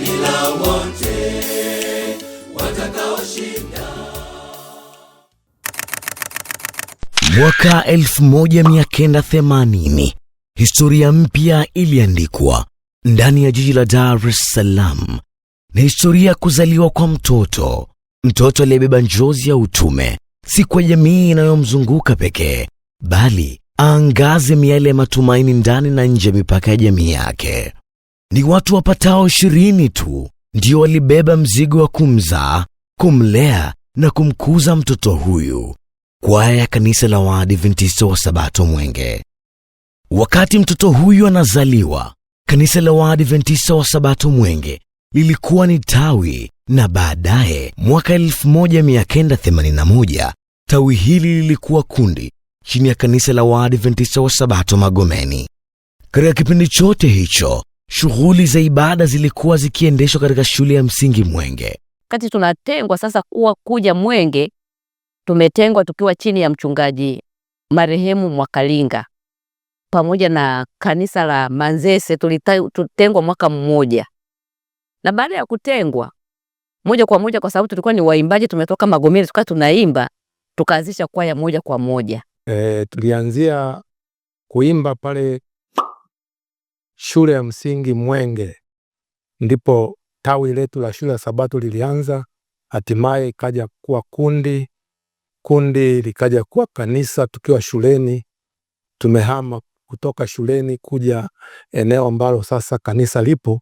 tumaini la wote watakaoshinda. Mwaka 1980 historia mpya iliandikwa ndani ya jiji la Dar es Salaam. na historia ya kuzaliwa kwa mtoto, mtoto aliyebeba njozi ya utume, si kwa jamii inayomzunguka pekee, bali aangaze miale ya matumaini ndani na nje mipaka ya jamii yake. Ni watu wapatao ishirini tu ndio walibeba mzigo wa kumzaa, kumlea na kumkuza mtoto huyu. Kwaya ya kanisa la Waadventista wa Sabato Mwenge. Wakati mtoto huyu anazaliwa, kanisa la Waadventista wa Sabato Mwenge lilikuwa ni tawi, na baadaye mwaka 1981 tawi hili lilikuwa kundi chini ya kanisa la Waadventista wa Sabato Magomeni. Katika kipindi chote hicho Shughuli za ibada zilikuwa zikiendeshwa katika shule ya msingi Mwenge. Wakati tunatengwa sasa kuwa kuja Mwenge, tumetengwa tukiwa chini ya mchungaji marehemu Mwakalinga pamoja na kanisa la Manzese. Tulitengwa mwaka mmoja, na baada ya kutengwa moja kwa moja, kwa sababu tulikuwa ni waimbaji, tumetoka Magomeni tukawa tunaimba, tukaanzisha kwaya moja kwa moja. E, tulianzia kuimba pale shule ya msingi Mwenge ndipo tawi letu la shule ya Sabato lilianza, hatimaye ikaja kuwa kundi, kundi likaja kuwa kanisa. Tukiwa shuleni tumehama kutoka shuleni kuja eneo ambalo sasa kanisa lipo,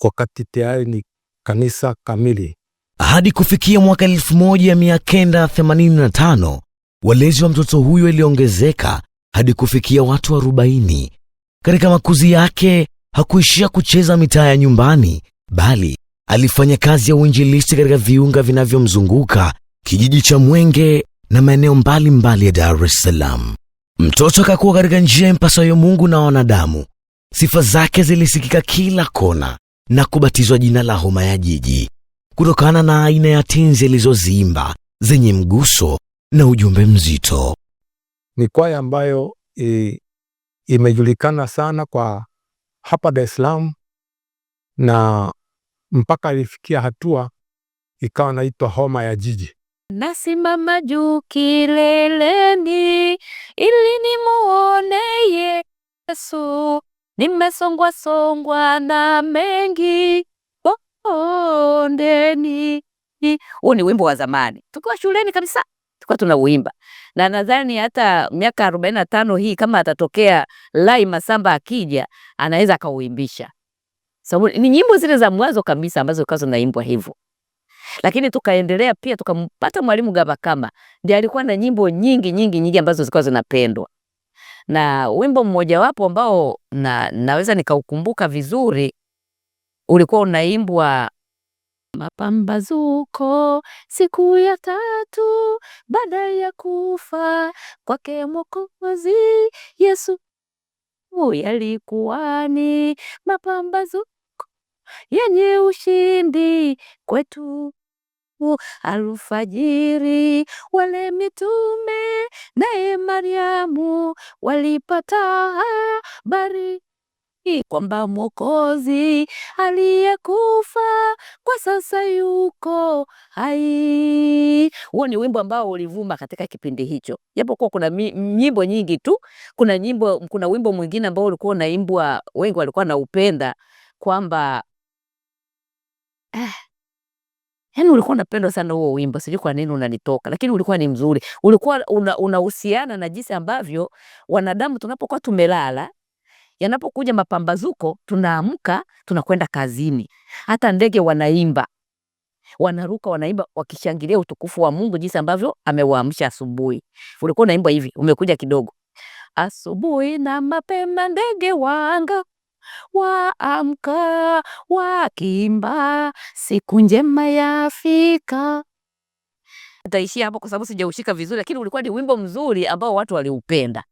wakati tayari ni kanisa kamili. Hadi kufikia mwaka 1985 walezi wa mtoto huyo iliongezeka hadi kufikia watu 40 katika makuzi yake hakuishia kucheza mitaa ya nyumbani, bali alifanya kazi ya uinjilisti katika viunga vinavyomzunguka kijiji cha Mwenge na maeneo mbalimbali ya Dar es Salaam. Mtoto akakuwa katika njia impasayo Mungu na wanadamu. Sifa zake zilisikika kila kona na kubatizwa jina la homa ya jiji kutokana na aina ya tenzi alizoziimba zenye mguso na ujumbe mzito. Ni kwaya ambayo e, imejulikana sana kwa hapa Dar es Salaam na mpaka ilifikia hatua ikawa naitwa homa ya jiji. Nasimama juu kileleni ili nimuone Yesu, nimesongwa songwa na mengi bondeni. huu ni wimbo wa zamani tukiwa shuleni kabisa tulikuwa tunauimba na nadhani hata miaka arobaini na tano hii kama atatokea Lai Masamba akija anaweza akauimbisha, sababu so, ni nyimbo zile za mwanzo kabisa ambazo zilikuwa zinaimbwa hivyo. Lakini tukaendelea pia tukampata Mwalimu Gabakama, ndiye alikuwa na nyimbo nyingi nyingi nyingi ambazo zilikuwa zinapendwa, na wimbo mmojawapo ambao na, naweza nikaukumbuka vizuri ulikuwa unaimbwa Mapambazuko siku ya tatu baada ya kufa kwake Mwokozi Yesu yalikuwa ni mapambazuko yenye ushindi kwetu. Alfajiri wale mitume naye Mariamu walipata habari kwamba Mwokozi aliyekufa kwa sasa yuko hai. Huo ni wimbo ambao ulivuma katika kipindi hicho, japokuwa kuna nyimbo nyingi tu. Kuna nyimbo, kuna wimbo mwingine ambao ulikuwa unaimbwa, wengi walikuwa naupenda kwamba eh, ah, Yani ulikuwa unapendwa sana huo wimbo, sijui kwa nini unanitoka, lakini ulikuwa ni mzuri, ulikuwa unahusiana una na jinsi ambavyo wanadamu tunapokuwa tumelala Yanapokuja mapambazuko, tunaamka tunakwenda kazini. Hata ndege wanaimba, wanaruka, wanaimba wakishangilia utukufu wa Mungu, jinsi ambavyo amewaamsha asubuhi. Ulikuwa unaimba hivi, umekuja kidogo, asubuhi na mapema ndege wanga waamka wakimba, siku njema yafika. Taishia hapo kwa sababu sijaushika vizuri, lakini ulikuwa ni wimbo mzuri ambao watu waliupenda.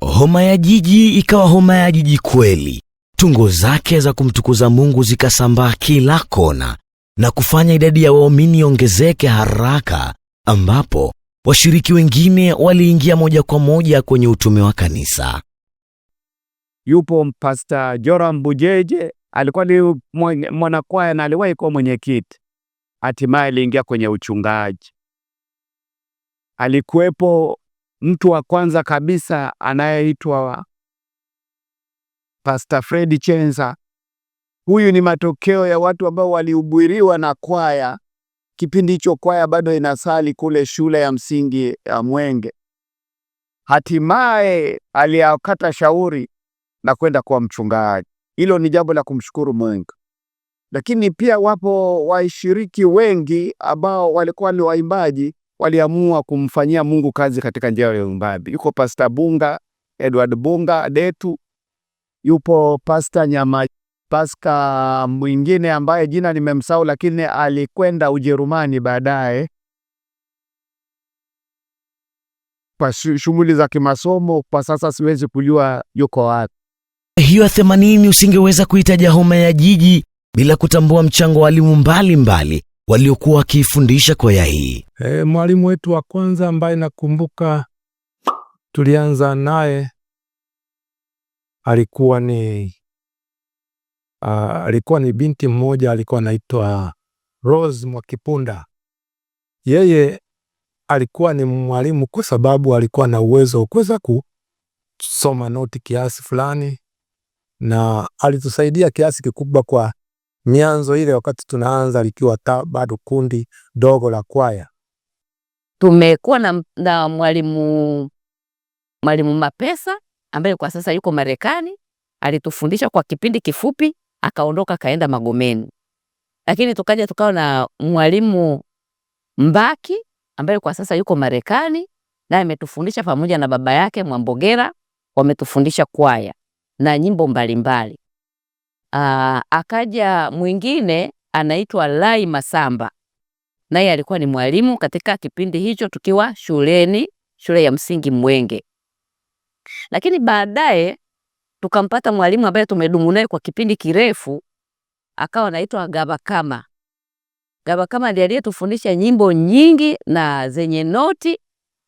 Homa ya jiji ikawa homa ya jiji kweli. Tungo zake za kumtukuza Mungu zikasambaa kila kona na kufanya idadi ya waumini iongezeke haraka, ambapo washiriki wengine waliingia moja kwa moja kwenye utume wa kanisa. Yupo Mpasta Joram Bujeje, alikuwa ni mwanakwaya na aliwahi kuwa mwenyekiti, hatimaye aliingia kwenye uchungaji. Alikuwepo mtu wa kwanza kabisa anayeitwa Pastor Fred Chenza. Huyu ni matokeo ya watu ambao walihubiriwa na kwaya. Kipindi hicho kwaya bado inasali kule shule ya msingi ya Mwenge. Hatimaye aliyakata shauri na kwenda kuwa mchungaji. Hilo ni jambo la kumshukuru Mungu, lakini pia wapo washiriki wengi ambao walikuwa ni waimbaji waliamua kumfanyia Mungu kazi katika njia ya uimbaji. Yuko Pastor Bunga, Edward Bunga Detu, yupo Pastor Nyama Pasca mwingine ambaye jina nimemsahau, lakini alikwenda Ujerumani baadaye kwa shughuli za kimasomo. Kwa sasa siwezi kujua yuko wapi. Hiyo themanini usingeweza kuitaja homa ya jiji bila kutambua mchango wa walimu mbalimbali waliokuwa wakiifundisha kwaya hii. E, mwalimu wetu wa kwanza ambaye nakumbuka tulianza naye alikuwa ni uh, alikuwa ni binti mmoja alikuwa anaitwa Rose Mwakipunda. Yeye alikuwa ni mwalimu kwa sababu alikuwa na uwezo wa kuweza kusoma noti kiasi fulani, na alitusaidia kiasi kikubwa kwa mianzo ile wakati tunaanza likiwa bado kundi dogo la kwaya. Tumekuwa na, na mwalimu mwalimu Mapesa ambaye kwa sasa yuko Marekani, alitufundisha kwa kipindi kifupi akaondoka kaenda Magomeni, lakini tukaja tukawa na mwalimu Mbaki ambaye kwa sasa yuko Marekani, naye ametufundisha pamoja na baba yake Mwambogera, wametufundisha kwaya na nyimbo mbalimbali. Uh, akaja mwingine anaitwa Lai Masamba, naye alikuwa ni mwalimu katika kipindi hicho tukiwa shuleni, shule ya msingi Mwenge. Lakini baadaye tukampata mwalimu ambaye tumedumu naye kwa kipindi kirefu, akawa anaitwa Gabakama. Gabakama ndiye aliyetufundisha nyimbo nyingi na zenye noti,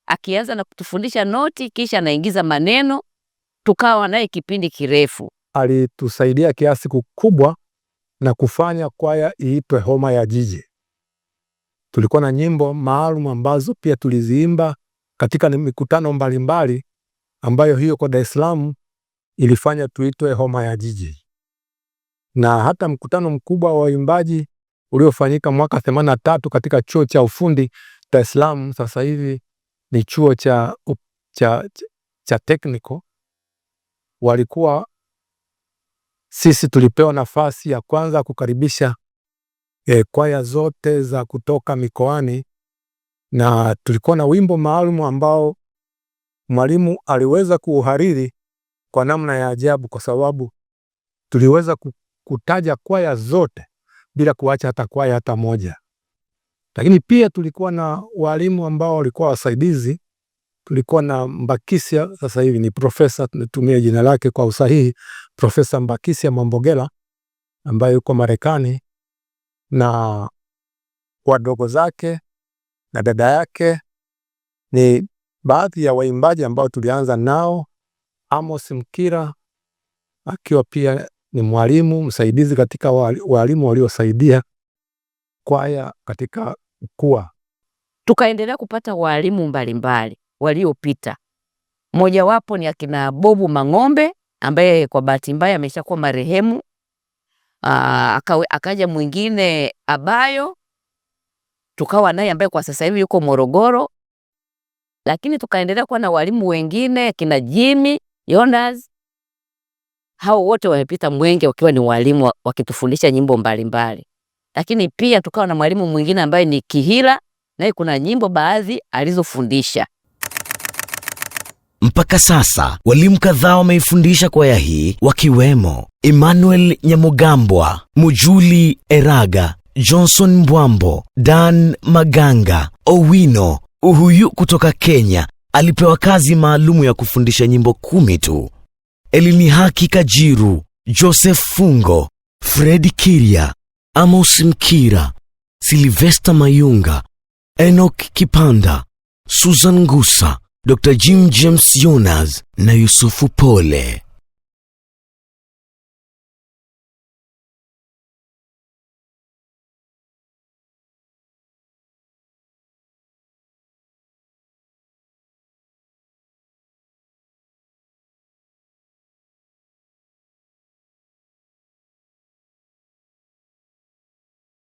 akianza na kutufundisha noti, kisha anaingiza maneno, tukawa naye kipindi kirefu alitusaidia kiasi kikubwa na kufanya kwaya iitwe Homa ya Jiji. Tulikuwa na nyimbo maalum ambazo pia tuliziimba katika mikutano mbalimbali ambayo hiyo kwa Dar es Salaam ilifanya tuitwe Homa ya Jiji, na hata mkutano mkubwa wa waimbaji uliofanyika mwaka themanini tatu katika chuo cha ufundi Dar es Salaam, sasa hivi ni chuo cha, cha, cha, cha technical walikuwa sisi tulipewa nafasi ya kwanza kukaribisha e, kwaya zote za kutoka mikoani, na tulikuwa na wimbo maalum ambao mwalimu aliweza kuuhariri kwa namna ya ajabu, kwa sababu tuliweza kutaja kwaya zote bila kuacha hata kwaya hata moja. Lakini pia tulikuwa na walimu ambao walikuwa wasaidizi tulikuwa na Mbakisia, sasa hivi ni profesa, tunatumia jina lake kwa usahihi, Profesa Mbakisia Mambogela ambaye yuko Marekani na wadogo zake na dada yake ni baadhi ya waimbaji ambao tulianza nao. Amos Mkira akiwa pia ni mwalimu msaidizi katika walimu waliosaidia kwaya katika kukua. Tukaendelea kupata walimu mbalimbali waliopita. Mojawapo ni akina Bobu Mang'ombe ambaye kwa bahati mbaya ameshakuwa marehemu. Aa, ah, akawe, akaja mwingine Abayo tukawa naye ambaye kwa sasa hivi yuko Morogoro, lakini tukaendelea kuwa na walimu wengine akina Jimmy Jonas. Hao wote wamepita Mwenge wakiwa ni walimu wakitufundisha nyimbo mbalimbali, mbali. lakini pia tukawa na mwalimu mwingine ambaye ni Kihila, naye kuna nyimbo baadhi alizofundisha. Mpaka sasa walimu kadhaa wameifundisha kwaya hii wakiwemo Emmanuel Nyamugambwa, Mujuli Eraga, Johnson Mbwambo, Dan Maganga, Owino Uhuyu kutoka Kenya alipewa kazi maalumu ya kufundisha nyimbo kumi tu. Elini Haki Kajiru, Joseph Fungo, fredi Kiria, Amos Mkira, silvesta Mayunga, enok Kipanda, Susan Ngusa, Dr Jim James Jonas na Yusufu Pole.